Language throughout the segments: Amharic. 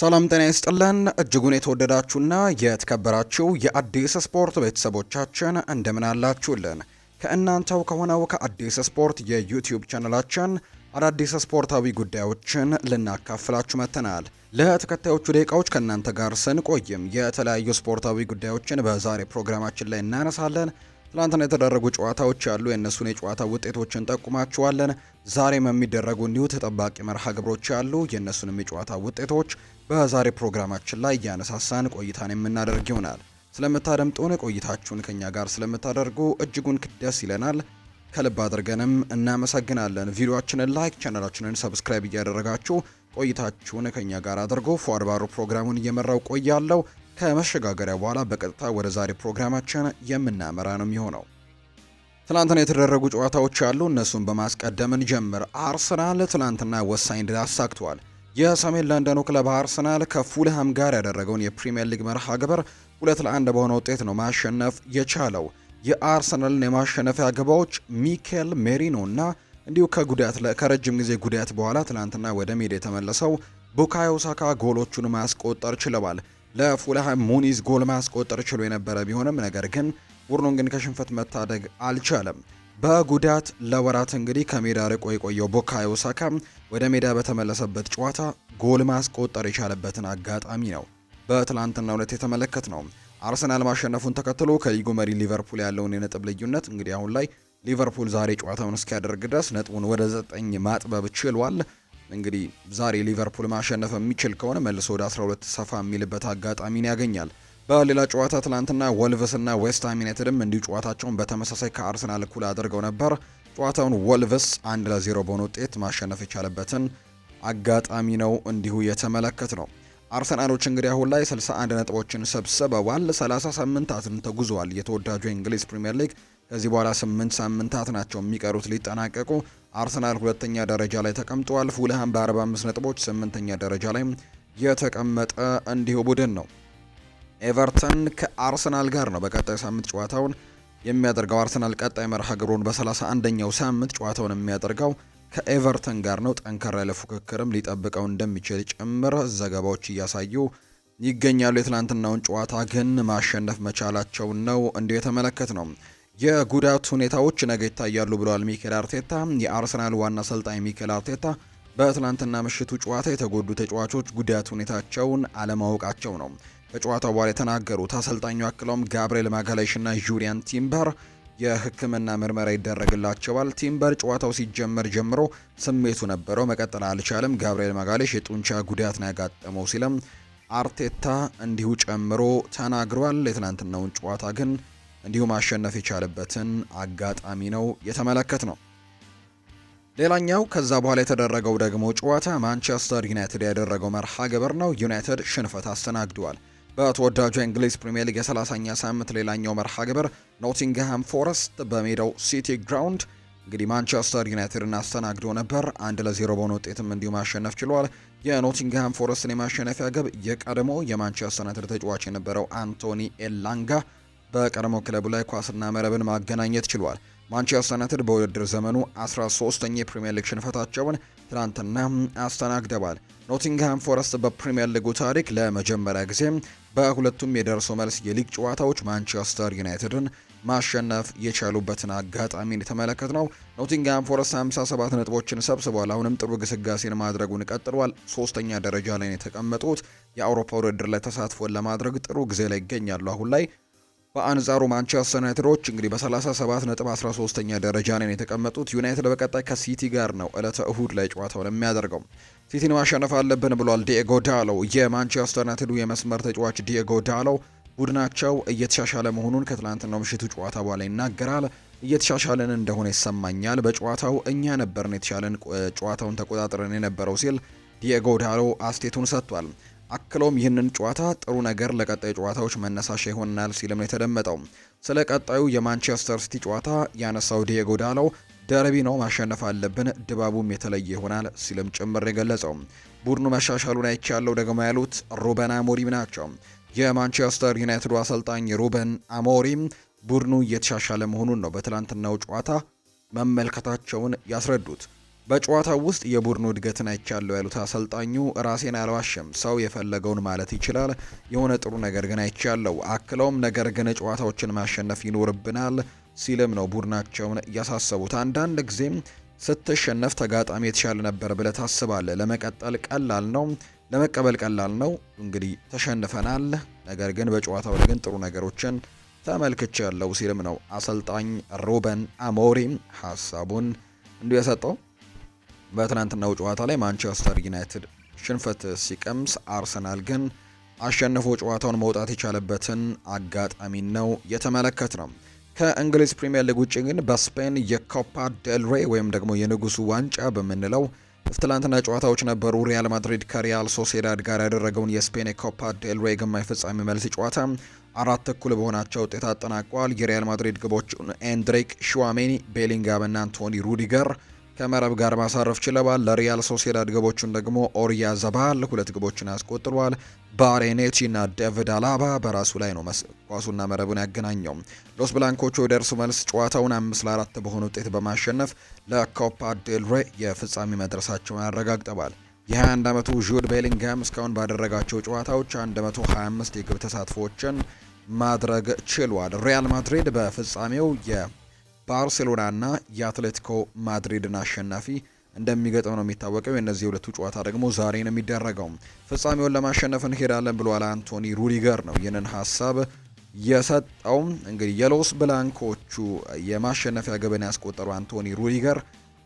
ሰላም ጤና ይስጥልን እጅጉን የተወደዳችሁና የተከበራችሁ የአዲስ ስፖርት ቤተሰቦቻችን እንደምን አላችሁልን? ከእናንተው ከሆነው ከአዲስ ስፖርት የዩቲዩብ ቻነላችን አዳዲስ ስፖርታዊ ጉዳዮችን ልናካፍላችሁ መጥተናል። ለተከታዮቹ ደቂቃዎች ከእናንተ ጋር ስንቆይም የተለያዩ ስፖርታዊ ጉዳዮችን በዛሬ ፕሮግራማችን ላይ እናነሳለን። ትላንትና የተደረጉ ጨዋታዎች ያሉ የእነሱን የጨዋታ ውጤቶችን ጠቁማችኋለን። ዛሬም የሚደረጉ እንዲሁ ተጠባቂ መርሃ ግብሮች ያሉ የእነሱንም የጨዋታ ውጤቶች በዛሬ ፕሮግራማችን ላይ እያነሳሳን ቆይታን የምናደርግ ይሆናል። ስለምታደምጡን ቆይታችሁን ከኛ ጋር ስለምታደርጉ እጅጉን ደስ ይለናል። ከልብ አድርገንም እናመሰግናለን። ቪዲዮአችንን ላይክ፣ ቻናላችንን ሰብስክራይብ እያደረጋችሁ ቆይታችሁን ከኛ ጋር አድርጎ ፏርባሩ ፕሮግራሙን እየመራው ቆያለው። ከመሸጋገሪያ በኋላ በቀጥታ ወደ ዛሬ ፕሮግራማችን የምናመራ ነው የሚሆነው። ትናንትና የተደረጉ ጨዋታዎች አሉ። እነሱን በማስቀደምን ጀምር። አርሰናል ትናንትና ወሳኝ ድል አሳክቷል። የሰሜን ለንደኑ ክለብ አርሰናል ከፉልሃም ጋር ያደረገውን የፕሪምየር ሊግ መርሃ ግብር ሁለት ለአንድ በሆነ ውጤት ነው ማሸነፍ የቻለው። የአርሰናልን የማሸነፊያ ግባዎች ሚኬል ሜሪኖ እና እንዲሁ ከጉዳት ከረጅም ጊዜ ጉዳት በኋላ ትናንትና ወደ ሜዳ የተመለሰው ቡካዮ ሳካ ጎሎቹን ማስቆጠር ችለዋል። ለፉልሃም ሙኒዝ ጎል ማስቆጠር ችሎ የነበረ ቢሆንም ነገር ግን ቡድኑን ግን ከሽንፈት መታደግ አልቻለም። በጉዳት ለወራት እንግዲህ ከሜዳ ርቆ የቆየው ቡካዮ ሳካ ወደ ሜዳ በተመለሰበት ጨዋታ ጎል ማስቆጠር የቻለበትን አጋጣሚ ነው በትላንትና ዕለት የተመለከት ነው። አርሰናል ማሸነፉን ተከትሎ ከሊጉ መሪ ሊቨርፑል ያለውን የነጥብ ልዩነት እንግዲህ አሁን ላይ ሊቨርፑል ዛሬ ጨዋታውን እስኪያደርግ ድረስ ነጥቡን ወደ ዘጠኝ ማጥበብ ችሏል። እንግዲህ ዛሬ ሊቨርፑል ማሸነፍ የሚችል ከሆነ መልሶ ወደ 12 ሰፋ የሚልበት አጋጣሚን ያገኛል። በሌላ ጨዋታ ትላንትና እና ዌስትሃም ዩናይትድም እንዲሁ ጨዋታቸውን በተመሳሳይ ከአርሰናል እኩል አድርገው ነበር። ጨዋታውን ወልቭስ አንድ ለዜሮ በሆነ ውጤት ማሸነፍ የቻለበትን አጋጣሚ ነው እንዲሁ የተመለከት ነው። አርሰናሎች እንግዲህ አሁን ላይ 61 ነጥቦችን ሰብስበዋል። 30 ሳምንታትን ተጉዘዋል። የተወዳጁ የእንግሊዝ ፕሪምየር ሊግ ከዚህ በኋላ 8 ሳምንታት ናቸው የሚቀሩት ሊጠናቀቁ። አርሰናል ሁለተኛ ደረጃ ላይ ተቀምጠዋል። ፉልሃም በ45 ነጥቦች ስምንተኛ ደረጃ ላይ የተቀመጠ እንዲሁ ቡድን ነው። ኤቨርተን ከአርሰናል ጋር ነው በቀጣይ ሳምንት ጨዋታውን የሚያደርገው። አርሰናል ቀጣይ መርሃ ግብሩን በ31ኛው ሳምንት ጨዋታውን የሚያደርገው ከኤቨርተን ጋር ነው። ጠንከር ያለ ፉክክርም ሊጠብቀው እንደሚችል ጭምር ዘገባዎች እያሳዩ ይገኛሉ። የትላንትናውን ጨዋታ ግን ማሸነፍ መቻላቸውን ነው እንዲሁ የተመለከት ነው። የጉዳት ሁኔታዎች ነገ ይታያሉ ብለዋል ሚኬል አርቴታ። የአርሰናል ዋና አሰልጣኝ ሚኬል አርቴታ በትላንትና ምሽቱ ጨዋታ የተጎዱ ተጫዋቾች ጉዳት ሁኔታቸውን አለማወቃቸው ነው ከጨዋታው በኋላ የተናገሩት። አሰልጣኙ አክለውም ጋብርኤል ማጋላይሽና ጁሪያን ቲምበር የሕክምና ምርመራ ይደረግላቸዋል። ቲምበር ጨዋታው ሲጀመር ጀምሮ ስሜቱ ነበረው፣ መቀጠል አልቻለም። ጋብርኤል ማጋሌሽ የጡንቻ ጉዳት ነው ያጋጠመው ሲለም አርቴታ እንዲሁ ጨምሮ ተናግሯል። የትናንትናውን ጨዋታ ግን እንዲሁ ማሸነፍ የቻለበትን አጋጣሚ ነው የተመለከት ነው። ሌላኛው ከዛ በኋላ የተደረገው ደግሞ ጨዋታ ማንቸስተር ዩናይትድ ያደረገው መርሃ ግብር ነው። ዩናይትድ ሽንፈት አስተናግዷል። በተወዳጁ የእንግሊዝ ፕሪምየር ሊግ የ30ኛ ሳምንት ሌላኛው መርሃ ግብር ኖቲንግሃም ፎረስት በሜዳው ሲቲ ግራውንድ እንግዲህ ማንቸስተር ዩናይትድን አስተናግዶ ነበር። አንድ ለዜሮ በሆነ ውጤትም እንዲሁ ማሸነፍ ችሏል። የኖቲንግሃም ፎረስትን የማሸነፊያ ግብ የቀድሞ የማንቸስተር ዩናይትድ ተጫዋች የነበረው አንቶኒ ኤላንጋ በቀድሞ ክለቡ ላይ ኳስና መረብን ማገናኘት ችሏል። ማንቸስተር ዩናይትድ በውድድር ዘመኑ 13ኛ የፕሪምየር ሊግ ሽንፈታቸውን ትናንትና አስተናግደዋል። ኖቲንግሃም ፎረስት በፕሪምየር ሊጉ ታሪክ ለመጀመሪያ ጊዜ በሁለቱም የደርሶ መልስ የሊግ ጨዋታዎች ማንቸስተር ዩናይትድን ማሸነፍ የቻሉበትን አጋጣሚን የተመለከት ነው። ኖቲንግሃም ፎረስት 57 ነጥቦችን ሰብስቧል። አሁንም ጥሩ ግስጋሴን ማድረጉን ቀጥሏል። ሶስተኛ ደረጃ ላይ የተቀመጡት የአውሮፓ ውድድር ላይ ተሳትፎን ለማድረግ ጥሩ ጊዜ ላይ ይገኛሉ አሁን ላይ በአንጻሩ ማንቸስተር ዩናይትዶች እንግዲህ በ37 ነጥብ 13ኛ ደረጃ ነን የተቀመጡት። ዩናይትድ በቀጣይ ከሲቲ ጋር ነው እለተ እሁድ ላይ ጨዋታውን የሚያደርገው። ሲቲን ማሸነፍ አለብን ብሏል ዲኤጎ ዳሎ። የማንቸስተር ዩናይትዱ የመስመር ተጫዋች ዲኤጎ ዳሎ ቡድናቸው እየተሻሻለ መሆኑን ከትላንትናው ምሽቱ ጨዋታ በኋላ ይናገራል። እየተሻሻለን እንደሆነ ይሰማኛል። በጨዋታው እኛ ነበርን የተሻለን ጨዋታውን ተቆጣጥረን የነበረው ሲል ዲኤጎ ዳሎ አስቴቱን ሰጥቷል። አክለውም ይህንን ጨዋታ ጥሩ ነገር ለቀጣዩ ጨዋታዎች መነሳሻ ይሆናል ሲልም ነው የተደመጠው። ስለ ቀጣዩ የማንቸስተር ሲቲ ጨዋታ ያነሳው ዲየጎ ዳለው ደርቢ ነው ማሸነፍ አለብን፣ ድባቡም የተለየ ይሆናል ሲልም ጭምር የገለጸው ቡድኑ መሻሻሉን አይቻለው ደግሞ ያሉት ሩበን አሞሪም ናቸው። የማንቸስተር ዩናይትዱ አሰልጣኝ ሩበን አሞሪም ቡድኑ እየተሻሻለ መሆኑን ነው በትላንትናው ጨዋታ መመልከታቸውን ያስረዱት። በጨዋታው ውስጥ የቡድኑ እድገትን አይቻለሁ ያሉት አሰልጣኙ ራሴን አልዋሸም፣ ሰው የፈለገውን ማለት ይችላል። የሆነ ጥሩ ነገር ግን አይቻለሁ። አክለውም ነገር ግን ጨዋታዎችን ማሸነፍ ይኖርብናል ሲልም ነው ቡድናቸውን እያሳሰቡት። አንዳንድ ጊዜም ስትሸነፍ ተጋጣሚ የተሻለ ነበር ብለ ታስባለ። ለመቀጠል ቀላል ነው ለመቀበል ቀላል ነው። እንግዲህ ተሸንፈናል፣ ነገር ግን በጨዋታው ግን ጥሩ ነገሮችን ተመልክቻለሁ ሲልም ነው አሰልጣኝ ሩበን አሞሪም ሀሳቡን እንዲሁ የሰጠው። በትናንትናው ጨዋታ ላይ ማንቸስተር ዩናይትድ ሽንፈት ሲቀምስ፣ አርሰናል ግን አሸንፎ ጨዋታውን መውጣት የቻለበትን አጋጣሚ ነው የተመለከት ነው። ከእንግሊዝ ፕሪምየር ሊግ ውጭ ግን በስፔን የኮፓ ዴልሬ ወይም ደግሞ የንጉሱ ዋንጫ በምንለው ትላንትና ጨዋታዎች ነበሩ። ሪያል ማድሪድ ከሪያል ሶሴዳድ ጋር ያደረገውን የስፔን የኮፓ ዴልሬ ግማሽ ፍጻሜ መልስ ጨዋታ አራት እኩል በሆናቸው ውጤት አጠናቋል። የሪያል ማድሪድ ግቦቹን ኤንድሪክ ሽዋሜኒ፣ ቤሊንጋም እና አንቶኒ ሩዲገር ከመረብ ጋር ማሳረፍ ችለዋል። ለሪያል ሶሲዳድ ግቦቹን ደግሞ ኦሪያ ዘባል ሁለት ግቦችን አስቆጥሯል። ባሬኔቺ እና ዴቪድ አላባ በራሱ ላይ ነው ኳሱና መረቡን ያገናኘው። ሎስ ብላንኮቹ ወደ እርሱ መልስ ጨዋታውን አምስት ለአራት በሆነ ውጤት በማሸነፍ ለኮፓ ዴልሬ የፍጻሜ መድረሳቸውን አረጋግጠዋል። የ21 ዓመቱ ዡድ ቤሊንግሃም እስካሁን ባደረጋቸው ጨዋታዎች 125 የግብ ተሳትፎዎችን ማድረግ ችሏል። ሪያል ማድሪድ በፍጻሜው የ ባርሴሎናና የአትሌቲኮ ማድሪድን አሸናፊ እንደሚገጥም ነው የሚታወቀው። የእነዚህ ሁለቱ ጨዋታ ደግሞ ዛሬ ነው የሚደረገው። ፍጻሜውን ለማሸነፍ እንሄዳለን ብሏል አንቶኒ ሩዲገር ነው ይህንን ሀሳብ የሰጠው። እንግዲህ የሎስ ብላንኮቹ የማሸነፊያ ግብን ያስቆጠሩ አንቶኒ ሩዲገር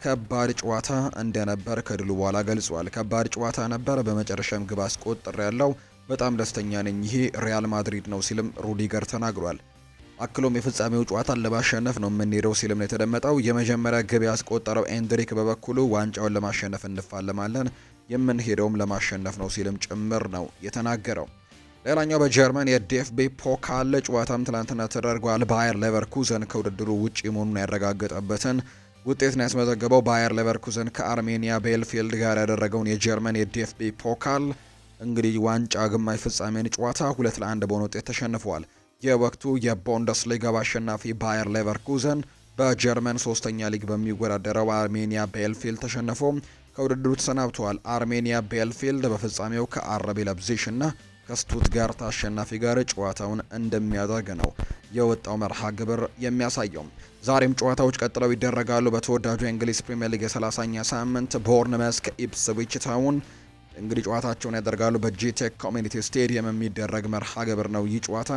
ከባድ ጨዋታ እንደነበር ከድሉ በኋላ ገልጿል። ከባድ ጨዋታ ነበር፣ በመጨረሻም ግብ አስቆጥር ያለው በጣም ደስተኛ ነኝ፣ ይሄ ሪያል ማድሪድ ነው ሲልም ሩዲገር ተናግሯል። አክሎም የፍጻሜው ጨዋታን ለማሸነፍ ነው የምንሄደው ሲልም ነው የተደመጠው። የመጀመሪያ ግብ ያስቆጠረው ኤንድሪክ በበኩሉ ዋንጫውን ለማሸነፍ እንፋለማለን፣ የምንሄደውም ለማሸነፍ ነው ሲልም ጭምር ነው የተናገረው። ሌላኛው በጀርመን የዲኤፍቢ ፖካል ጨዋታም ትላንትና ተደርጓል። ባየር ሌቨርኩዘን ከውድድሩ ውጪ መሆኑን ያረጋገጠበትን ውጤት ነው ያስመዘገበው። ባየር ሌቨርኩዘን ከአርሜኒያ ቤልፊልድ ጋር ያደረገውን የጀርመን የዲኤፍቢ ፖካል እንግዲህ ዋንጫ ግማሽ ፍጻሜን ጨዋታ ሁለት ለአንድ በሆነ ውጤት ተሸንፏል። የወቅቱ የቡንደስ ሊጋው አሸናፊ ባየር ሌቨርኩዘን በጀርመን ሶስተኛ ሊግ በሚወዳደረው አርሜኒያ ቤልፊልድ ተሸንፎ ከውድድሩ ተሰናብተዋል። አርሜኒያ ቤልፊልድ በፍጻሜው ከአረቤ ለብዚሽ እና ከስቱትጋርት አሸናፊ ጋር ጨዋታውን እንደሚያደርግ ነው የወጣው መርሃ ግብር የሚያሳየው። ዛሬም ጨዋታዎች ቀጥለው ይደረጋሉ። በተወዳጁ የእንግሊዝ ፕሪምየር ሊግ የ30ኛ ሳምንት ቦርንመስ ከኢፕስዊች ታውን እንግዲህ ጨዋታቸውን ያደርጋሉ። በጂቴክ ኮሚኒቲ ስቴዲየም የሚደረግ መርሃ ግብር ነው ይህ ጨዋታ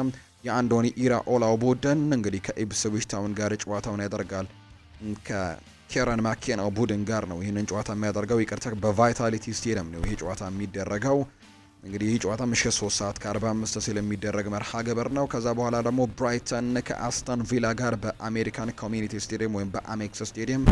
የአንዶኒ ኢራ ኦላው ቡድን እንግዲህ ከኢፕስዊች ታውን ጋር ጨዋታውን ያደርጋል። ከኬረን ማኬናው ቡድን ጋር ነው ይህንን ጨዋታ የሚያደርገው። ይቅርታ በቫይታሊቲ ስቴዲየም ነው ይህ ጨዋታ የሚደረገው። እንግዲህ ይህ ጨዋታ ምሽት 3 ሰዓት ከ45 ሲል የሚደረግ መርሃ ግብር ነው። ከዛ በኋላ ደግሞ ብራይተን ከአስተን ቪላ ጋር በአሜሪካን ኮሚኒቲ ስቴዲየም ወይም በአሜክስ ስቴዲየም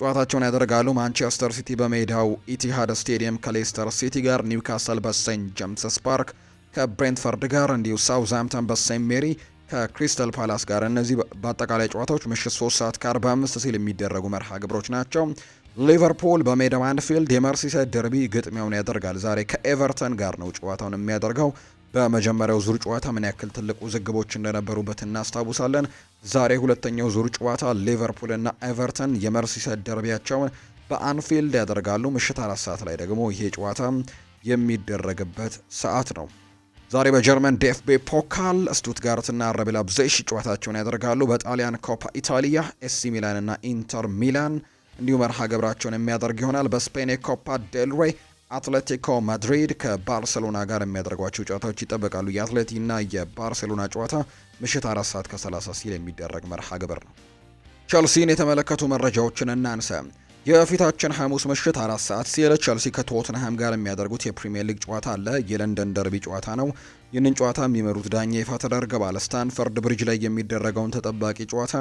ጨዋታቸውን ያደርጋሉ። ማንቸስተር ሲቲ በሜዳው ኢቲሃድ ስቴዲየም ከሌስተር ሲቲ ጋር፣ ኒውካስል በሴንት ጀምስስ ፓርክ ከብሬንትፈርድ ጋር እንዲሁ ሳውዝሃምፕተን በሴንት ሜሪ ከክሪስተል ፓላስ ጋር እነዚህ በአጠቃላይ ጨዋታዎች ምሽት 3 ሰዓት ከ45 ሲል የሚደረጉ መርሃ ግብሮች ናቸው። ሊቨርፑል በሜዳው አንፊልድ የመርሲሳይድ ደርቢ ግጥሚያውን ያደርጋል። ዛሬ ከኤቨርተን ጋር ነው ጨዋታውን የሚያደርገው። በመጀመሪያው ዙር ጨዋታ ምን ያክል ትልቅ ውዝግቦች እንደነበሩበት እናስታውሳለን። ዛሬ ሁለተኛው ዙር ጨዋታ ሊቨርፑልና ኤቨርተን የመርሲሳይድ ደርቢያቸውን በአንፊልድ ያደርጋሉ። ምሽት አራት ሰዓት ላይ ደግሞ ይሄ ጨዋታ የሚደረግበት ሰዓት ነው። ዛሬ በጀርመን ዲኤፍቤ ፖካል ስቱትጋርትና አርቢ ላይፕዚግ ጨዋታቸውን ያደርጋሉ። በጣሊያን ኮፓ ኢታሊያ ኤሲ ሚላን እና ኢንተር ሚላን እንዲሁ መርሃ ግብራቸውን የሚያደርግ ይሆናል። በስፔን ኮፓ ዴል አትሌቲኮ ማድሪድ ከባርሴሎና ጋር የሚያደርጓቸው ጨዋታዎች ይጠበቃሉ። የአትሌቲና የባርሴሎና ጨዋታ ምሽት አራት ሰዓት ከ30 ሲል የሚደረግ መርሃ ግብር ነው። ቸልሲን የተመለከቱ መረጃዎችን እናንሰ የፊታችን ሐሙስ ምሽት አራት ሰዓት ሲል ቸልሲ ከቶትንሃም ጋር የሚያደርጉት የፕሪምየር ሊግ ጨዋታ አለ። የለንደን ደርቢ ጨዋታ ነው። ይህንን ጨዋታ የሚመሩት ዳኛ ይፋ ተደርገዋል። ስታንፈርድ ብሪጅ ላይ የሚደረገውን ተጠባቂ ጨዋታ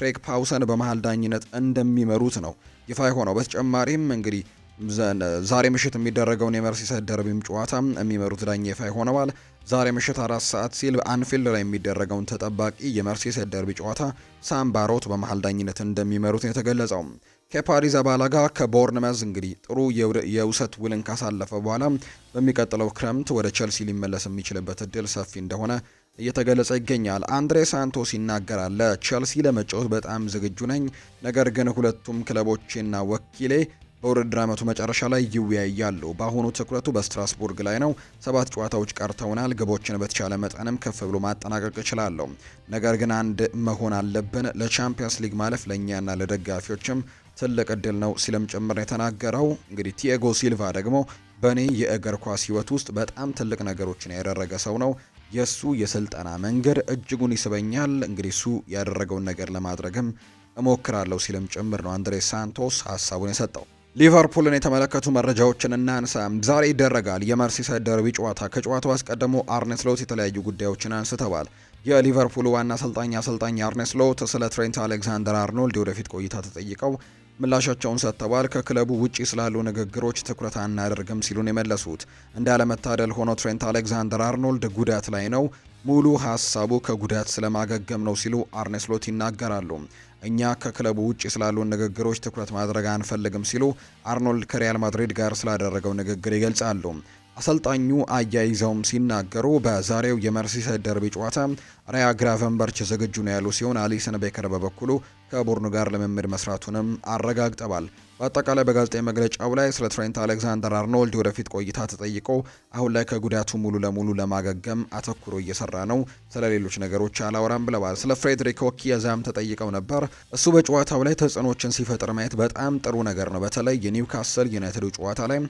ክሬግ ፓውሰን በመሀል ዳኝነት እንደሚመሩት ነው ይፋ የሆነው። በተጨማሪም እንግዲህ ዛሬ ምሽት የሚደረገውን የመርሲሳይድ ደርቢም ጨዋታ የሚመሩት ዳኛ ይፋ ይሆነዋል። ዛሬ ምሽት አራት ሰዓት ሲል በአንፊልድ ላይ የሚደረገውን ተጠባቂ የመርሲሳይድ ደርቢ ጨዋታ ሳም ባሮት በመሀል ዳኝነት እንደሚመሩት ነው የተገለጸው። ከፓሪ ዛባላጋ ከቦርንመዝ እንግዲህ ጥሩ የውሰት ውልን ካሳለፈ በኋላ በሚቀጥለው ክረምት ወደ ቸልሲ ሊመለስ የሚችልበት እድል ሰፊ እንደሆነ እየተገለጸ ይገኛል። አንድሬ ሳንቶስ ይናገራል። ለቸልሲ ለመጫወት በጣም ዝግጁ ነኝ፣ ነገር ግን ሁለቱም ክለቦቼና ወኪሌ በውድድር ዓመቱ መጨረሻ ላይ ይወያያሉ። በአሁኑ ትኩረቱ በስትራስቡርግ ላይ ነው። ሰባት ጨዋታዎች ቀርተውናል። ግቦችን በተቻለ መጠንም ከፍ ብሎ ማጠናቀቅ እችላለሁ፣ ነገር ግን አንድ መሆን አለብን። ለቻምፒየንስ ሊግ ማለፍ ለእኛና ለደጋፊዎችም ትልቅ እድል ነው ሲልም ጭምር የተናገረው። እንግዲህ ቲያጎ ሲልቫ ደግሞ በእኔ የእግር ኳስ ህይወት ውስጥ በጣም ትልቅ ነገሮችን ያደረገ ሰው ነው። የእሱ የስልጠና መንገድ እጅጉን ይስበኛል። እንግዲህ እሱ ያደረገውን ነገር ለማድረግም እሞክራለሁ ሲልም ጭምር ነው አንድሬ ሳንቶስ ሀሳቡን የሰጠው። ሊቨርፑልን የተመለከቱ መረጃዎችን እናንሳ። ዛሬ ይደረጋል የመርሲሳይድ ደርቢ ጨዋታ። ከጨዋታው አስቀድሞ አርኔ የተለያዩ ጉዳዮችን አንስተዋል። የሊቨርፑል ዋና አሰልጣኝ አሰልጣኝ አርኔ ስሎት ስለ ትሬንት አሌክዛንደር አርኖልድ ወደፊት ቆይታ ተጠይቀው ምላሻቸውን ሰጥተዋል። ከክለቡ ውጪ ስላሉ ንግግሮች ትኩረት አናደርግም ሲሉን የመለሱት እንዳለመታደል ሆኖ ትሬንት አሌክዛንደር አርኖልድ ጉዳት ላይ ነው፣ ሙሉ ሀሳቡ ከጉዳት ስለማገገም ነው ሲሉ አርኔስሎት ይናገራሉ። እኛ ከክለቡ ውጪ ስላሉ ንግግሮች ትኩረት ማድረግ አንፈልግም ሲሉ አርኖልድ ከሪያል ማድሪድ ጋር ስላደረገው ንግግር ይገልጻሉ። አሰልጣኙ አያይዘውም ሲናገሩ በዛሬው የመርሲሳይድ ደርቢ ጨዋታ ራያ ግራቨንበርች ዝግጁ ነው ያሉ ሲሆን አሊሰን ቤከር በበኩሉ ከቡድኑ ጋር ልምምድ መስራቱንም አረጋግጠዋል። በአጠቃላይ በጋዜጣዊ መግለጫው ላይ ስለ ትሬንት አሌክዛንደር አርኖልድ ወደፊት ቆይታ ተጠይቆ አሁን ላይ ከጉዳቱ ሙሉ ለሙሉ ለማገገም አተኩሮ እየሰራ ነው፣ ስለ ሌሎች ነገሮች አላወራም ብለዋል። ስለ ፍሬድሪክ ኪየዛም ተጠይቀው ነበር። እሱ በጨዋታው ላይ ተጽዕኖችን ሲፈጥር ማየት በጣም ጥሩ ነገር ነው። በተለይ የኒውካስል ዩናይትዱ ጨዋታ ላይ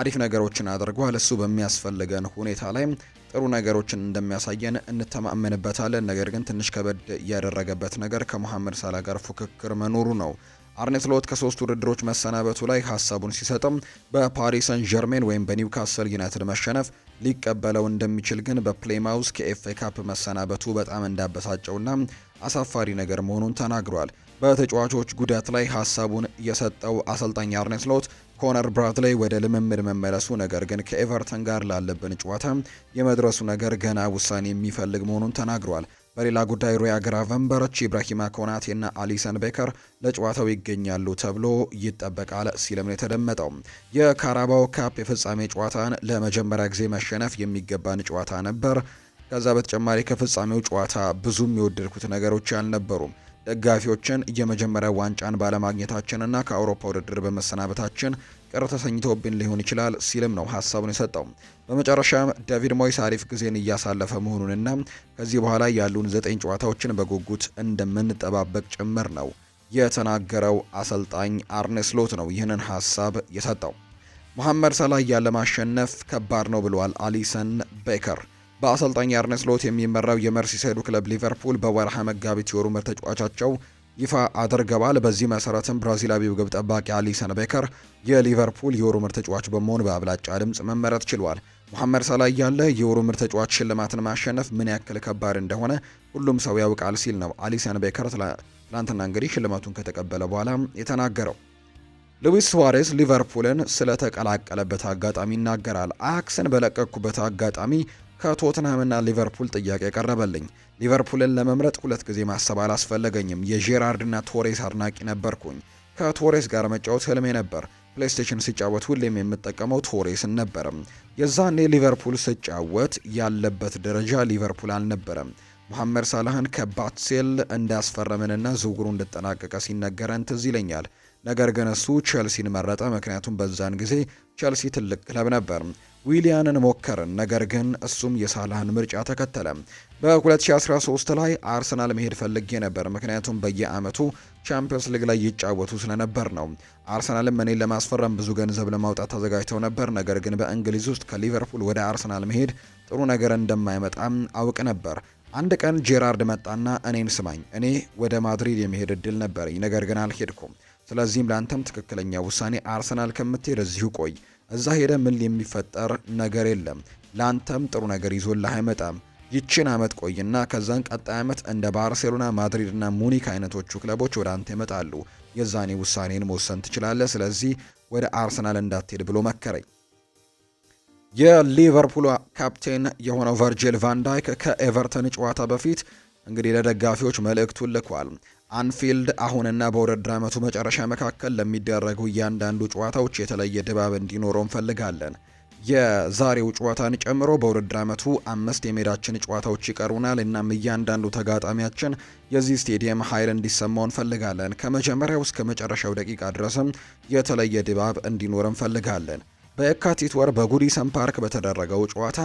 አሪፍ ነገሮችን አድርጓል። እሱ በሚያስፈልገን ሁኔታ ላይ ጥሩ ነገሮችን እንደሚያሳየን እንተማመንበታለን። ነገር ግን ትንሽ ከበድ ያደረገበት ነገር ከሞሐመድ ሳላ ጋር ፉክክር መኖሩ ነው። አርኔት ሎት ከሶስት ውድድሮች መሰናበቱ ላይ ሀሳቡን ሲሰጥም በፓሪስ ሰን ጀርሜን ወይም በኒውካስል ዩናይትድ መሸነፍ ሊቀበለው እንደሚችል ግን በፕሌማውስ ከኤፍኤ ካፕ መሰናበቱ በጣም እንዳበሳጨውና አሳፋሪ ነገር መሆኑን ተናግሯል። በተጫዋቾች ጉዳት ላይ ሀሳቡን የሰጠው አሰልጣኝ አርኔት ሎት ኮነር ብራድሌ ወደ ልምምድ መመለሱ ነገር ግን ከኤቨርተን ጋር ላለብን ጨዋታ የመድረሱ ነገር ገና ውሳኔ የሚፈልግ መሆኑን ተናግሯል። በሌላ ጉዳይ ሮያ ግራቨንበርች፣ ኢብራሂማ ኮናቴና አሊሰን ቤከር ለጨዋታው ይገኛሉ ተብሎ ይጠበቃል ሲልም ነው የተደመጠው። የካራባው ካፕ የፍጻሜ ጨዋታን ለመጀመሪያ ጊዜ መሸነፍ የሚገባን ጨዋታ ነበር። ከዛ በተጨማሪ ከፍጻሜው ጨዋታ ብዙም የወደድኩት ነገሮች አልነበሩም። ደጋፊዎችን የመጀመሪያ ዋንጫን ባለማግኘታችንና ከአውሮፓ ውድድር በመሰናበታችን ቅር ተሰኝቶብን ሊሆን ይችላል ሲልም ነው ሀሳቡን የሰጠው። በመጨረሻም ዳቪድ ሞይስ አሪፍ ጊዜን እያሳለፈ መሆኑንና ከዚህ በኋላ ያሉን ዘጠኝ ጨዋታዎችን በጉጉት እንደምንጠባበቅ ጭምር ነው የተናገረው። አሰልጣኝ አርኔ ስሎት ነው ይህንን ሀሳብ የሰጠው። መሐመድ ሰላህ ያለማሸነፍ ከባድ ነው ብሏል አሊሰን ቤከር በአሰልጣኝ አርነስ ሎት የሚመራው የመርሲሳይዱ ክለብ ሊቨርፑል በወርሃ መጋቢት የወሩ ምርጥ ተጫዋቻቸው ይፋ አድርገዋል። በዚህ መሰረትም ብራዚላዊው ግብ ጠባቂ አሊሰን ቤከር የሊቨርፑል የወሩ ምርጥ ተጫዋች በመሆን በአብላጫ ድምፅ መመረጥ ችሏል። ሙሐመድ ሳላይ ያለ የወሩ ምርጥ ተጫዋች ሽልማትን ማሸነፍ ምን ያክል ከባድ እንደሆነ ሁሉም ሰው ያውቃል ሲል ነው አሊሰን ቤከር ትላንትና እንግዲህ ሽልማቱን ከተቀበለ በኋላ የተናገረው። ሉዊስ ሱዋሬዝ ሊቨርፑልን ስለተቀላቀለበት አጋጣሚ ይናገራል። አያክስን በለቀቅኩበት አጋጣሚ ከቶትንሃምና ሊቨርፑል ጥያቄ ቀረበልኝ። ሊቨርፑልን ለመምረጥ ሁለት ጊዜ ማሰብ አላስፈለገኝም። የጄራርድና ቶሬስ አድናቂ ነበርኩኝ። ከቶሬስ ጋር መጫወት ህልሜ ነበር። ፕሌስቴሽን ሲጫወት ሁሌም የምጠቀመው ቶሬስን ነበርም የዛኔ ሊቨርፑል ስጫወት ያለበት ደረጃ ሊቨርፑል አልነበረም። መሐመድ ሳላህን ከባትሴል እንዳስፈረምንና ዝውውሩ እንደጠናቀቀ ሲነገረን ትዝ ይለኛል። ነገር ግን እሱ ቸልሲን መረጠ፣ ምክንያቱም በዛን ጊዜ ቸልሲ ትልቅ ክለብ ነበር። ዊሊያንን ሞከርን፣ ነገር ግን እሱም የሳላህን ምርጫ ተከተለ። በ2013 ላይ አርሰናል መሄድ ፈልጌ ነበር፣ ምክንያቱም በየአመቱ ቻምፒዮንስ ሊግ ላይ ይጫወቱ ስለነበር ነው። አርሰናልም እኔን ለማስፈረም ብዙ ገንዘብ ለማውጣት ተዘጋጅተው ነበር፣ ነገር ግን በእንግሊዝ ውስጥ ከሊቨርፑል ወደ አርሰናል መሄድ ጥሩ ነገር እንደማይመጣም አውቅ ነበር። አንድ ቀን ጄራርድ መጣና እኔን ስማኝ፣ እኔ ወደ ማድሪድ የመሄድ እድል ነበረኝ፣ ነገር ግን አልሄድኩም። ስለዚህም ለአንተም ትክክለኛ ውሳኔ አርሰናል ከምትሄድ እዚሁ ቆይ እዛ ሄደ ምን የሚፈጠር ነገር የለም። ለአንተም ጥሩ ነገር ይዞልህ አይመጣም። ይችን አመት ቆይና ከዛን ቀጣይ አመት እንደ ባርሴሎና፣ ማድሪድ እና ሙኒክ አይነቶቹ ክለቦች ወደ አንተ ይመጣሉ። የዛኔ ውሳኔን መወሰን ትችላለህ። ስለዚህ ወደ አርሰናል እንዳትሄድ ብሎ መከረኝ። የሊቨርፑል ካፕቴን የሆነው ቨርጂል ቫንዳይክ ከኤቨርተን ጨዋታ በፊት እንግዲህ ለደጋፊዎች መልእክቱን ልኳል። አንፊልድ አሁንና በውድድር ዓመቱ መጨረሻ መካከል ለሚደረጉ እያንዳንዱ ጨዋታዎች የተለየ ድባብ እንዲኖረው እንፈልጋለን። የዛሬው ጨዋታን ጨምሮ በውድድር ዓመቱ አምስት የሜዳችን ጨዋታዎች ይቀሩናል። እናም እያንዳንዱ ተጋጣሚያችን የዚህ ስቴዲየም ኃይል እንዲሰማው እንፈልጋለን። ከመጀመሪያው እስከ መጨረሻው ደቂቃ ድረስም የተለየ ድባብ እንዲኖር እንፈልጋለን። በየካቲት ወር በጉዲሰን ፓርክ በተደረገው ጨዋታ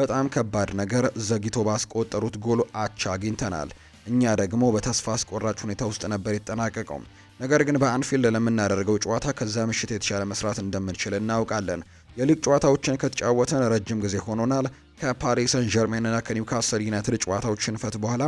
በጣም ከባድ ነገር ዘግይቶ ባስቆጠሩት ጎል አቻ አግኝተናል። እኛ ደግሞ በተስፋ አስቆራጭ ሁኔታ ውስጥ ነበር የተጠናቀቀው። ነገር ግን በአንፊልድ ለምናደርገው ጨዋታ ከዛ ምሽት የተሻለ መስራት እንደምንችል እናውቃለን። የሊግ ጨዋታዎችን ከተጫወተን ረጅም ጊዜ ሆኖናል። ከፓሪስ ሰን ጀርሜንና ከኒውካስል ዩናይትድ ጨዋታዎች ሽንፈት በኋላ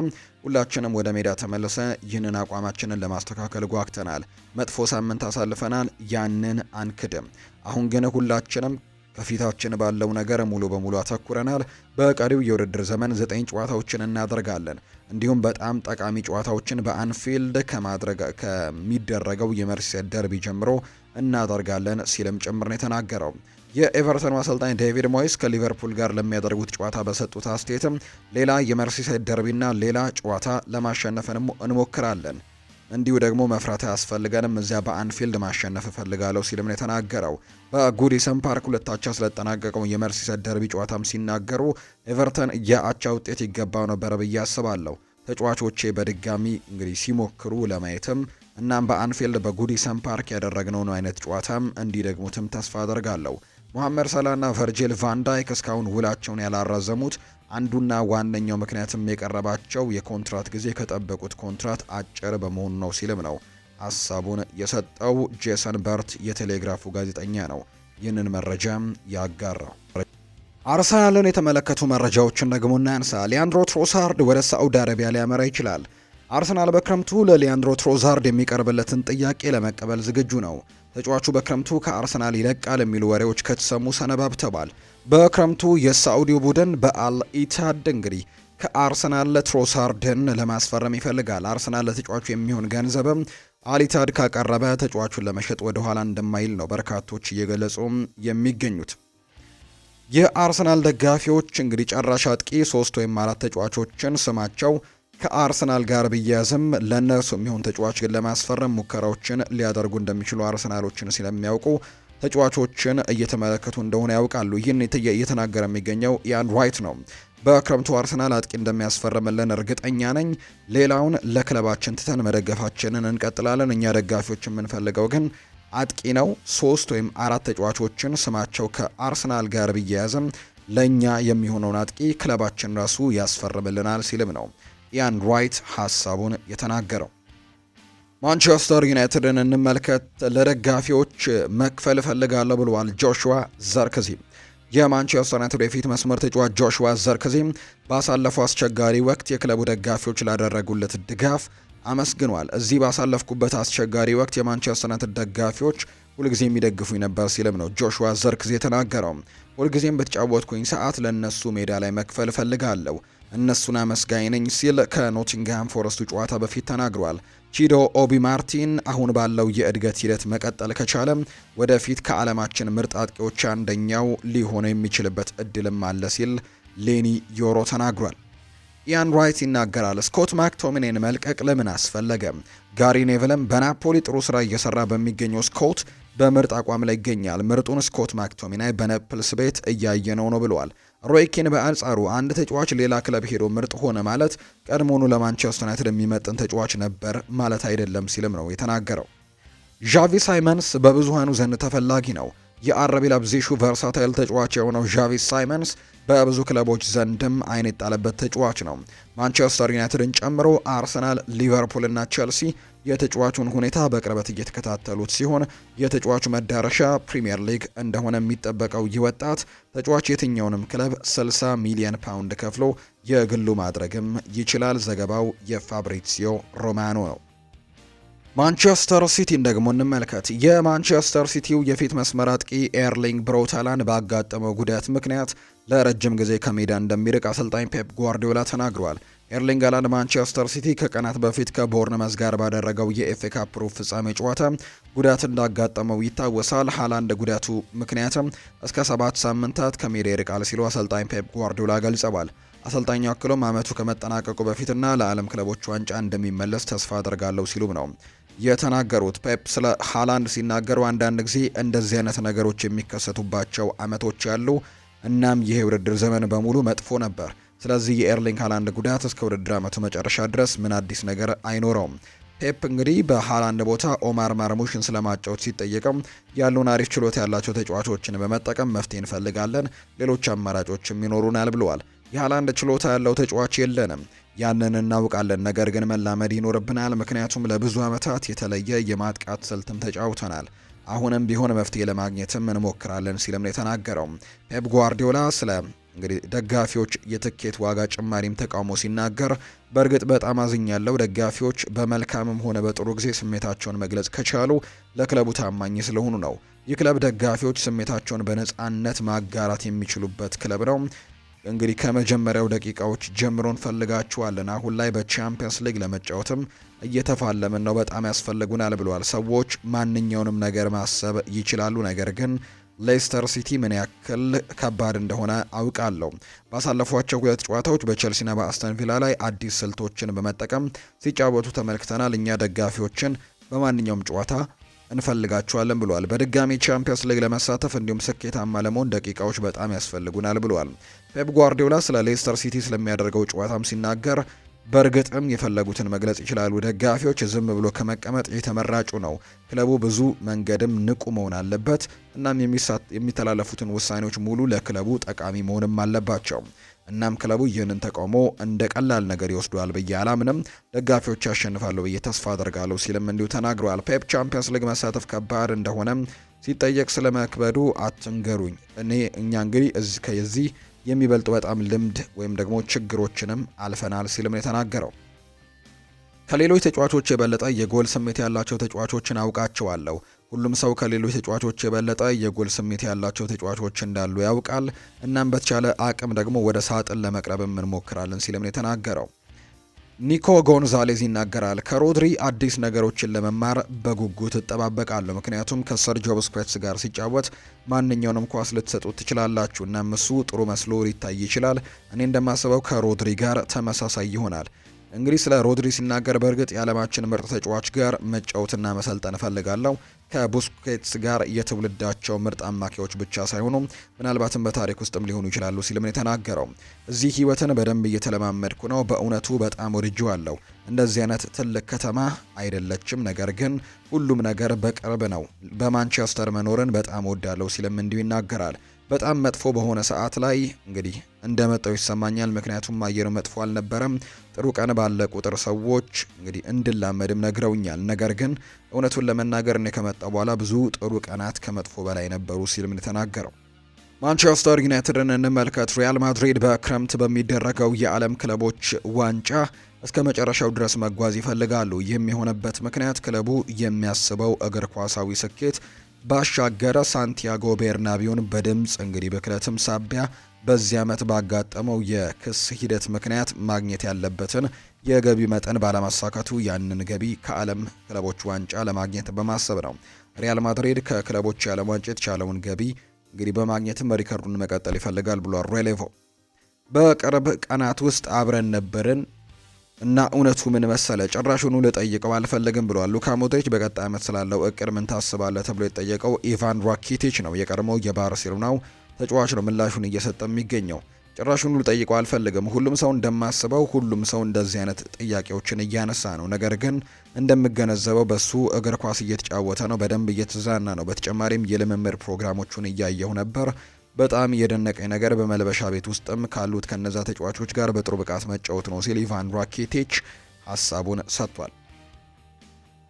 ሁላችንም ወደ ሜዳ ተመልሰ ይህንን አቋማችንን ለማስተካከል ጓግተናል። መጥፎ ሳምንት አሳልፈናል። ያንን አንክድም። አሁን ግን ሁላችንም ከፊታችን ባለው ነገር ሙሉ በሙሉ አተኩረናል። በቀሪው የውድድር ዘመን ዘጠኝ ጨዋታዎችን እናደርጋለን። እንዲሁም በጣም ጠቃሚ ጨዋታዎችን በአንፊልድ ከማድረግ ከሚደረገው የመርሴድ ደርቢ ጀምሮ እናደርጋለን ሲልም ጭምር ነው የተናገረው። የኤቨርተኑ አሰልጣኝ ዴቪድ ሞይስ ከሊቨርፑል ጋር ለሚያደርጉት ጨዋታ በሰጡት አስተያየትም ሌላ የመርሲሳይድ ደርቢና ሌላ ጨዋታ ለማሸነፍ እንሞክራለን እንዲሁ ደግሞ መፍራት አያስፈልገንም። እዚያ በአንፊልድ ማሸነፍ እፈልጋለሁ ሲልም ነው የተናገረው። በጉዲሰን ፓርክ ሁለታቻ ስለጠናቀቀው የመርሲሰድ ደርቢ ጨዋታም ሲናገሩ ኤቨርተን የአቻ ውጤት ይገባው ነበረ ብዬ አስባለሁ። ተጫዋቾቼ በድጋሚ እንግዲህ ሲሞክሩ ለማየትም እናም በአንፊልድ በጉዲሰን ፓርክ ያደረግነውን አይነት ጨዋታም እንዲደግሙትም ተስፋ አደርጋለሁ። ሞሐመድ ሰላና ቨርጂል ቫንዳይክ እስካሁን ውላቸውን ያላራዘሙት አንዱና ዋነኛው ምክንያትም የቀረባቸው የኮንትራት ጊዜ ከጠበቁት ኮንትራት አጭር በመሆኑ ነው ሲልም ነው ሀሳቡን የሰጠው። ጄሰን በርት የቴሌግራፉ ጋዜጠኛ ነው ይህንን መረጃም ያጋራው። አርሰናልን የተመለከቱ መረጃዎችን ደግሞ እናንሳ። ሊያንድሮ ትሮሳርድ ወደ ሳዑዲ አረቢያ ሊያመራ ይችላል። አርሰናል በክረምቱ ለሊያንድሮ ትሮዛርድ የሚቀርብለትን ጥያቄ ለመቀበል ዝግጁ ነው። ተጫዋቹ በክረምቱ ከአርሰናል ይለቃል የሚሉ ወሬዎች ከተሰሙ ሰነባብተዋል። በክረምቱ የሳዑዲው ቡድን በአልኢታድ እንግዲህ ከአርሰናል ለትሮሳርድን ለማስፈረም ይፈልጋል። አርሰናል ለተጫዋቹ የሚሆን ገንዘብም አሊታድ ካቀረበ ተጫዋቹን ለመሸጥ ወደኋላ እንደማይል ነው በርካቶች እየገለጹ የሚገኙት። የአርሰናል ደጋፊዎች እንግዲህ ጨራሽ አጥቂ ሶስት ወይም አራት ተጫዋቾችን ስማቸው ከአርሰናል ጋር ቢያያዝም ለእነርሱ የሚሆን ተጫዋች ግን ለማስፈረም ሙከራዎችን ሊያደርጉ እንደሚችሉ አርሰናሎችን ስለሚያውቁ ተጫዋቾችን እየተመለከቱ እንደሆነ ያውቃሉ። ይህን እየተናገረ የሚገኘው ኢያን ራይት ነው። በክረምቱ አርሰናል አጥቂ እንደሚያስፈርምልን እርግጠኛ ነኝ። ሌላውን ለክለባችን ትተን መደገፋችንን እንቀጥላለን። እኛ ደጋፊዎች የምንፈልገው ግን አጥቂ ነው። ሶስት ወይም አራት ተጫዋቾችን ስማቸው ከአርሰናል ጋር ብያያዝም ለእኛ የሚሆነውን አጥቂ ክለባችን ራሱ ያስፈርምልናል ሲልም ነው ኢያን ራይት ሀሳቡን የተናገረው። ማንቸስተር ዩናይትድን እንመልከት። ለደጋፊዎች መክፈል እፈልጋለሁ ብለዋል ጆሹዋ ዘርክዚ። የማንቸስተር ዩናይትድ የፊት መስመር ተጫዋች ጆሹዋ ዘርክዚ ባሳለፈው አስቸጋሪ ወቅት የክለቡ ደጋፊዎች ላደረጉለት ድጋፍ አመስግኗል። እዚህ ባሳለፍኩበት አስቸጋሪ ወቅት የማንቸስተር ዩናይትድ ደጋፊዎች ሁልጊዜ የሚደግፉኝ ነበር ሲልም ነው ጆሹዋ ዘርክዚ የተናገረው። ሁልጊዜም በተጫወትኩኝ ሰዓት ለእነሱ ሜዳ ላይ መክፈል እፈልጋለሁ እነሱን አመስጋኝ ነኝ ሲል ከኖቲንግሃም ፎረስቱ ጨዋታ በፊት ተናግሯል። ቺዶ ኦቢ ማርቲን አሁን ባለው የእድገት ሂደት መቀጠል ከቻለም ወደፊት ከዓለማችን ምርጥ አጥቂዎች አንደኛው ሊሆነ የሚችልበት እድልም አለ ሲል ሌኒ ዮሮ ተናግሯል። ኢያን ራይት ይናገራል። ስኮት ማክቶሚኔን መልቀቅ ለምን አስፈለገ? ጋሪ ኔቭልም በናፖሊ ጥሩ ስራ እየሰራ በሚገኘው ስኮት በምርጥ አቋም ላይ ይገኛል። ምርጡን ስኮት ማክቶሚናይ በነፕልስ ቤት እያየ ነው ነው ብለዋል። ሮይ በአንጻሩ አንድ ተጫዋች ሌላ ክለብ ሄዶ ምርጥ ሆነ ማለት ቀድሞኑ ለማንቸስተር ዩናይትድ የሚመጥን ተጫዋች ነበር ማለት አይደለም ሲልም ነው የተናገረው። ዣቪ ሳይመንስ በብዙሃኑ ዘንድ ተፈላጊ ነው። የአረቢ ላይፕዚሹ ቨርሳታይል ተጫዋች የሆነው ዣቪ ሳይመንስ በብዙ ክለቦች ዘንድም አይን የጣለበት ተጫዋች ነው። ማንቸስተር ዩናይትድን ጨምሮ አርሰናል፣ ሊቨርፑል እና ቸልሲ የተጫዋቹን ሁኔታ በቅርበት እየተከታተሉት ሲሆን የተጫዋቹ መዳረሻ ፕሪምየር ሊግ እንደሆነ የሚጠበቀው ይህ ወጣት ተጫዋች የትኛውንም ክለብ 60 ሚሊዮን ፓውንድ ከፍሎ የግሉ ማድረግም ይችላል። ዘገባው የፋብሪሲዮ ሮማኖ ነው። ማንቸስተር ሲቲን ደግሞ እንመልከት። የማንቸስተር ሲቲው የፊት መስመር አጥቂ ኤርሊንግ ብሮታላን ባጋጠመው ጉዳት ምክንያት ለረጅም ጊዜ ከሜዳ እንደሚርቅ አሰልጣኝ ፔፕ ጓርዲዮላ ተናግሯል። ኤርሊንግ ሃላንድ ማንቸስተር ሲቲ ከቀናት በፊት ከቦርንመዝ ጋር ባደረገው የኤፍኤ ካፕ ሩብ ፍጻሜ ጨዋታ ጉዳት እንዳጋጠመው ይታወሳል። ሃላንድ ጉዳቱ ምክንያትም እስከ ሰባት ሳምንታት ከሜዳ ይርቃል ሲሉ አሰልጣኝ ፔፕ ጓርዲዮላ ገልጸዋል። አሰልጣኙ አክሎም አመቱ ከመጠናቀቁ በፊትና ለዓለም ክለቦች ዋንጫ እንደሚመለስ ተስፋ አድርጋለሁ ሲሉም ነው የተናገሩት ፔፕ ስለ ሃላንድ ሲናገሩ አንዳንድ ጊዜ እንደዚህ አይነት ነገሮች የሚከሰቱባቸው አመቶች ያሉ እናም ይሄ ውድድር ዘመን በሙሉ መጥፎ ነበር። ስለዚህ የኤርሊንግ ሃላንድ ጉዳት እስከ ውድድር አመቱ መጨረሻ ድረስ ምን አዲስ ነገር አይኖረውም። ፔፕ እንግዲህ በሃላንድ ቦታ ኦማር ማርሙሽን ስለማጫወት ሲጠየቅም ያሉን አሪፍ ችሎታ ያላቸው ተጫዋቾችን በመጠቀም መፍትሄ እንፈልጋለን፣ ሌሎች አማራጮችም ይኖሩናል ብለዋል። የሃላንድ ችሎታ ያለው ተጫዋች የለንም ያንን እናውቃለን። ነገር ግን መላመድ ይኖርብናል፣ ምክንያቱም ለብዙ ዓመታት የተለየ የማጥቃት ስልትም ተጫውተናል። አሁንም ቢሆን መፍትሄ ለማግኘትም እንሞክራለን ሲልም ነው የተናገረው። ፔፕ ጓርዲዮላ ስለ እንግዲህ ደጋፊዎች የትኬት ዋጋ ጭማሪም ተቃውሞ ሲናገር በእርግጥ በጣም አዝኛለሁ። ደጋፊዎች በመልካምም ሆነ በጥሩ ጊዜ ስሜታቸውን መግለጽ ከቻሉ ለክለቡ ታማኝ ስለሆኑ ነው። ይህ ክለብ ደጋፊዎች ስሜታቸውን በነፃነት ማጋራት የሚችሉበት ክለብ ነው። እንግዲህ ከመጀመሪያው ደቂቃዎች ጀምሮ እንፈልጋችኋለን። አሁን ላይ በቻምፒየንስ ሊግ ለመጫወትም እየተፋለምን ነው፣ በጣም ያስፈልጉናል ብለዋል። ሰዎች ማንኛውንም ነገር ማሰብ ይችላሉ፣ ነገር ግን ሌስተር ሲቲ ምን ያክል ከባድ እንደሆነ አውቃለሁ። ባሳለፏቸው ሁለት ጨዋታዎች በቸልሲና በአስተን ቪላ ላይ አዲስ ስልቶችን በመጠቀም ሲጫወቱ ተመልክተናል። እኛ ደጋፊዎችን በማንኛውም ጨዋታ እንፈልጋቸዋለን ብሏል። በድጋሚ ቻምፒየንስ ሊግ ለመሳተፍ እንዲሁም ስኬታማ ለመሆን ደቂቃዎች በጣም ያስፈልጉናል ብለዋል። ፔፕ ጓርዲዮላ ስለ ሌስተር ሲቲ ስለሚያደርገው ጨዋታም ሲናገር በእርግጥም የፈለጉትን መግለጽ ይችላሉ። ደጋፊዎች ዝም ብሎ ከመቀመጥ የተመራጩ ነው። ክለቡ ብዙ መንገድም ንቁ መሆን አለበት። እናም የሚተላለፉትን ውሳኔዎች ሙሉ ለክለቡ ጠቃሚ መሆንም አለባቸው። እናም ክለቡ ይህንን ተቃውሞ እንደ ቀላል ነገር ይወስዷል ብዬ አላምንም። ደጋፊዎች ያሸንፋሉ ብዬ ተስፋ አደርጋለሁ ሲልም እንዲሁ ተናግረዋል። ፔፕ ቻምፒየንስ ሊግ መሳተፍ ከባድ እንደሆነ ሲጠየቅ ስለ መክበዱ አትንገሩኝ። እኔ እኛ እንግዲህ ከዚህ የሚበልጡ በጣም ልምድ ወይም ደግሞ ችግሮችንም አልፈናል ሲልም የተናገረው ከሌሎች ተጫዋቾች የበለጠ የጎል ስሜት ያላቸው ተጫዋቾችን አውቃቸዋለሁ። ሁሉም ሰው ከሌሎች ተጫዋቾች የበለጠ የጎል ስሜት ያላቸው ተጫዋቾች እንዳሉ ያውቃል። እናም በተቻለ አቅም ደግሞ ወደ ሳጥን ለመቅረብም እንሞክራለን ሲልም ነው የተናገረው። ኒኮ ጎንዛሌዝ ይናገራል። ከሮድሪ አዲስ ነገሮችን ለመማር በጉጉት እጠባበቃለሁ፣ ምክንያቱም ከሰር ብስኩዌትስ ጋር ሲጫወት ማንኛውንም ኳስ ልትሰጡት ትችላላችሁ እናም እሱ ጥሩ መስሎ ሊታይ ይችላል። እኔ እንደማስበው ከሮድሪ ጋር ተመሳሳይ ይሆናል። እንግዲህ ስለ ሮድሪ ሲናገር በእርግጥ የዓለማችን ምርጥ ተጫዋች ጋር መጫወትና መሰልጠን እፈልጋለሁ። ከቡስኬትስ ጋር የትውልዳቸው ምርጥ አማካዮች ብቻ ሳይሆኑ ምናልባትም በታሪክ ውስጥም ሊሆኑ ይችላሉ ሲልም የተናገረው። እዚህ ህይወትን በደንብ እየተለማመድኩ ነው። በእውነቱ በጣም ወድጁ አለው። እንደዚህ አይነት ትልቅ ከተማ አይደለችም፣ ነገር ግን ሁሉም ነገር በቅርብ ነው። በማንቸስተር መኖርን በጣም ወዳለው ሲልም እንዲሁ ይናገራል። በጣም መጥፎ በሆነ ሰዓት ላይ እንግዲህ እንደመጣው ይሰማኛል። ምክንያቱም አየሩ መጥፎ አልነበረም። ጥሩ ቀን ባለ ቁጥር ሰዎች እንግዲህ እንድላመድም ነግረውኛል። ነገር ግን እውነቱን ለመናገር እኔ ከመጣ በኋላ ብዙ ጥሩ ቀናት ከመጥፎ በላይ ነበሩ ሲልም የተናገረው። ማንቸስተር ዩናይትድን እንመልከት። ሪያል ማድሪድ በክረምት በሚደረገው የዓለም ክለቦች ዋንጫ እስከ መጨረሻው ድረስ መጓዝ ይፈልጋሉ። ይህም የሆነበት ምክንያት ክለቡ የሚያስበው እግር ኳሳዊ ስኬት ባሻገረ ሳንቲያጎ ቤርናቢውን በድምፅ እንግዲህ ብክለትም ሳቢያ በዚህ ዓመት ባጋጠመው የክስ ሂደት ምክንያት ማግኘት ያለበትን የገቢ መጠን ባለማሳካቱ ያንን ገቢ ከዓለም ክለቦች ዋንጫ ለማግኘት በማሰብ ነው። ሪያል ማድሪድ ከክለቦች የዓለም ዋንጫ የተቻለውን ገቢ እንግዲህ በማግኘትም ሪከርዱን መቀጠል ይፈልጋል ብሏል ሬሌቮ። በቅርብ ቀናት ውስጥ አብረን ነበርን እና እውነቱ ምን መሰለ ጭራሹኑ ልጠይቀው አልፈልግም ብሏል ሉካ ሞድሪች። በቀጣይ ዓመት ስላለው እቅድ ምን ታስባለ ተብሎ የጠየቀው ኢቫን ራኪቲች ነው። የቀድሞው የባርሴሎናው ተጫዋች ነው ምላሹን እየሰጠ የሚገኘው። ጭራሹን ሁሉ ጠይቆ አልፈልግም። ሁሉም ሰው እንደማስበው ሁሉም ሰው እንደዚህ አይነት ጥያቄዎችን እያነሳ ነው። ነገር ግን እንደምገነዘበው በሱ እግር ኳስ እየተጫወተ ነው፣ በደንብ እየተዛና ነው። በተጨማሪም የልምምድ ፕሮግራሞቹን እያየሁ ነበር። በጣም የደነቀኝ ነገር በመልበሻ ቤት ውስጥም ካሉት ከነዛ ተጫዋቾች ጋር በጥሩ ብቃት መጫወት ነው ሲል ኢቫን ራኬቴች ሀሳቡን ሰጥቷል።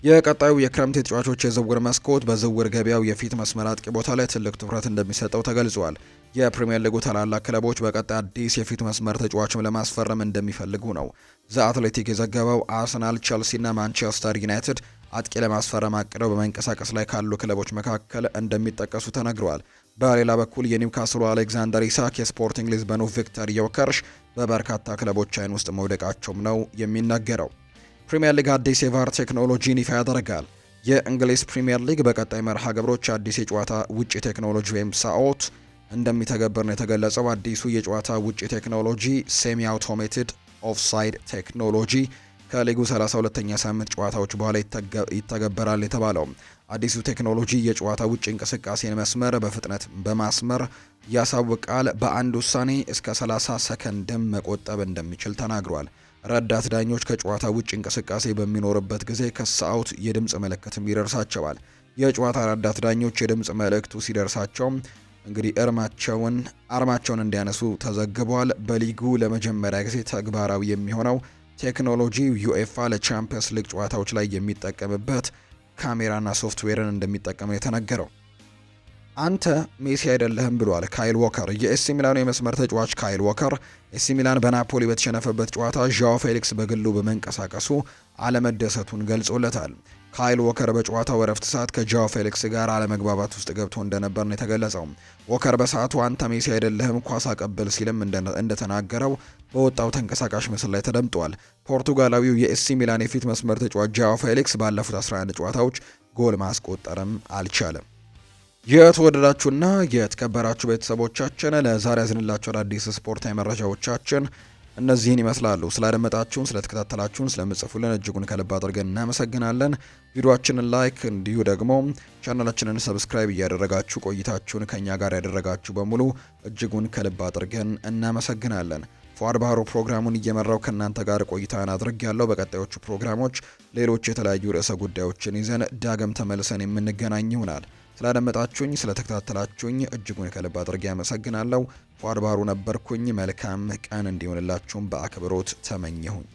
የቀጣዩ የክረምት የተጫዋቾች የዝውውር መስኮት በዝውውር ገበያው የፊት መስመር አጥቂ ቦታ ላይ ትልቅ ትኩረት እንደሚሰጠው ተገልጿል። የፕሪምየር ሊጉ ታላላቅ ክለቦች በቀጣይ አዲስ የፊት መስመር ተጫዋችም ለማስፈረም እንደሚፈልጉ ነው ዘ አትሌቲክ የዘገበው። አርሰናል፣ እና ማንቸስተር ዩናይትድ አጥቂ ለማስፈረም አቅደው በመንቀሳቀስ ላይ ካሉ ክለቦች መካከል እንደሚጠቀሱ ተነግረዋል። በሌላ በኩል የኒውካስሉ አሌክዛንደር ኢሳክ፣ የስፖርቲንግ ሊዝበኑ ቪክተር ዮከርሽ በበርካታ ክለቦች አይን ውስጥ መውደቃቸውም ነው የሚነገረው። ፕሪምየር ሊግ አዲስ የቫር ቴክኖሎጂን ይፋ ያደርጋል። የእንግሊዝ ፕሪምየር ሊግ በቀጣይ መርሃ ግብሮች አዲስ የጨዋታ ውጪ ቴክኖሎጂ ወይም ሳኦት እንደሚተገበር ነው የተገለጸው። አዲሱ የጨዋታ ውጪ ቴክኖሎጂ ሴሚ አውቶሜትድ ኦፍሳይድ ቴክኖሎጂ ከሊጉ 32ኛ ሳምንት ጨዋታዎች በኋላ ይተገበራል የተባለው አዲሱ ቴክኖሎጂ የጨዋታ ውጭ እንቅስቃሴን መስመር በፍጥነት በማስመር ያሳውቃል። በአንድ ውሳኔ እስከ 30 ሰከንድም መቆጠብ እንደሚችል ተናግሯል። ረዳት ዳኞች ከጨዋታ ውጭ እንቅስቃሴ በሚኖርበት ጊዜ ከሰአውት የድምፅ መልእክትም ይደርሳቸዋል። የጨዋታ ረዳት ዳኞች የድምፅ መልእክቱ ሲደርሳቸው እንግዲህ እርማቸውን አርማቸውን እንዲያነሱ ተዘግቧል። በሊጉ ለመጀመሪያ ጊዜ ተግባራዊ የሚሆነው ቴክኖሎጂ ዩኤፋ ለቻምፒየንስ ሊግ ጨዋታዎች ላይ የሚጠቀምበት ካሜራና ሶፍትዌርን እንደሚጠቀም የተነገረው። አንተ ሜሲ አይደለህም ብሏል ካይል ዎከር። የኤሲ ሚላኑ የመስመር ተጫዋች ካይል ዎከር ኤሲ ሚላን በናፖሊ በተሸነፈበት ጨዋታ ዣዋ ፌሊክስ በግሉ በመንቀሳቀሱ አለመደሰቱን ገልጾለታል። ካይል ወከር በጨዋታው እረፍት ሰዓት ከጃው ፌሊክስ ጋር አለመግባባት ውስጥ ገብቶ እንደነበር ነው የተገለጸው። ወከር በሰዓቱ አንተ ሜሲ አይደለህም ኳስ አቀብል ሲልም እንደተናገረው በወጣው ተንቀሳቃሽ ምስል ላይ ተደምጧል። ፖርቱጋላዊው የኤሲ ሚላን የፊት መስመር ተጫዋች ጃው ፌሊክስ ባለፉት 11 ጨዋታዎች ጎል ማስቆጠርም አልቻለም። የተወደዳችሁና የተከበራችሁ ቤተሰቦቻችን ለዛሬ ያዝንላችሁ አዳዲስ ስፖርታዊ መረጃዎቻችን እነዚህን ይመስላሉ። ስላደመጣችሁን፣ ስለተከታተላችሁን፣ ስለምጽፉልን እጅጉን ከልብ አድርገን እናመሰግናለን። ቪዲዮችንን ላይክ እንዲሁ ደግሞ ቻናላችንን ሰብስክራይብ እያደረጋችሁ ቆይታችሁን ከእኛ ጋር ያደረጋችሁ በሙሉ እጅጉን ከልብ አድርገን እናመሰግናለን። ፏድ ባህሩ ፕሮግራሙን እየመራው ከእናንተ ጋር ቆይታን አድርግ ያለው። በቀጣዮቹ ፕሮግራሞች ሌሎች የተለያዩ ርዕሰ ጉዳዮችን ይዘን ዳግም ተመልሰን የምንገናኝ ይሆናል። ስላደመጣችሁኝ፣ ስለተከታተላችሁኝ እጅጉን ከልብ አድርጌ ያመሰግናለሁ። ፏድባሩ ነበርኩኝ። መልካም ቀን እንዲሆንላችሁም በአክብሮት ተመኘሁኝ።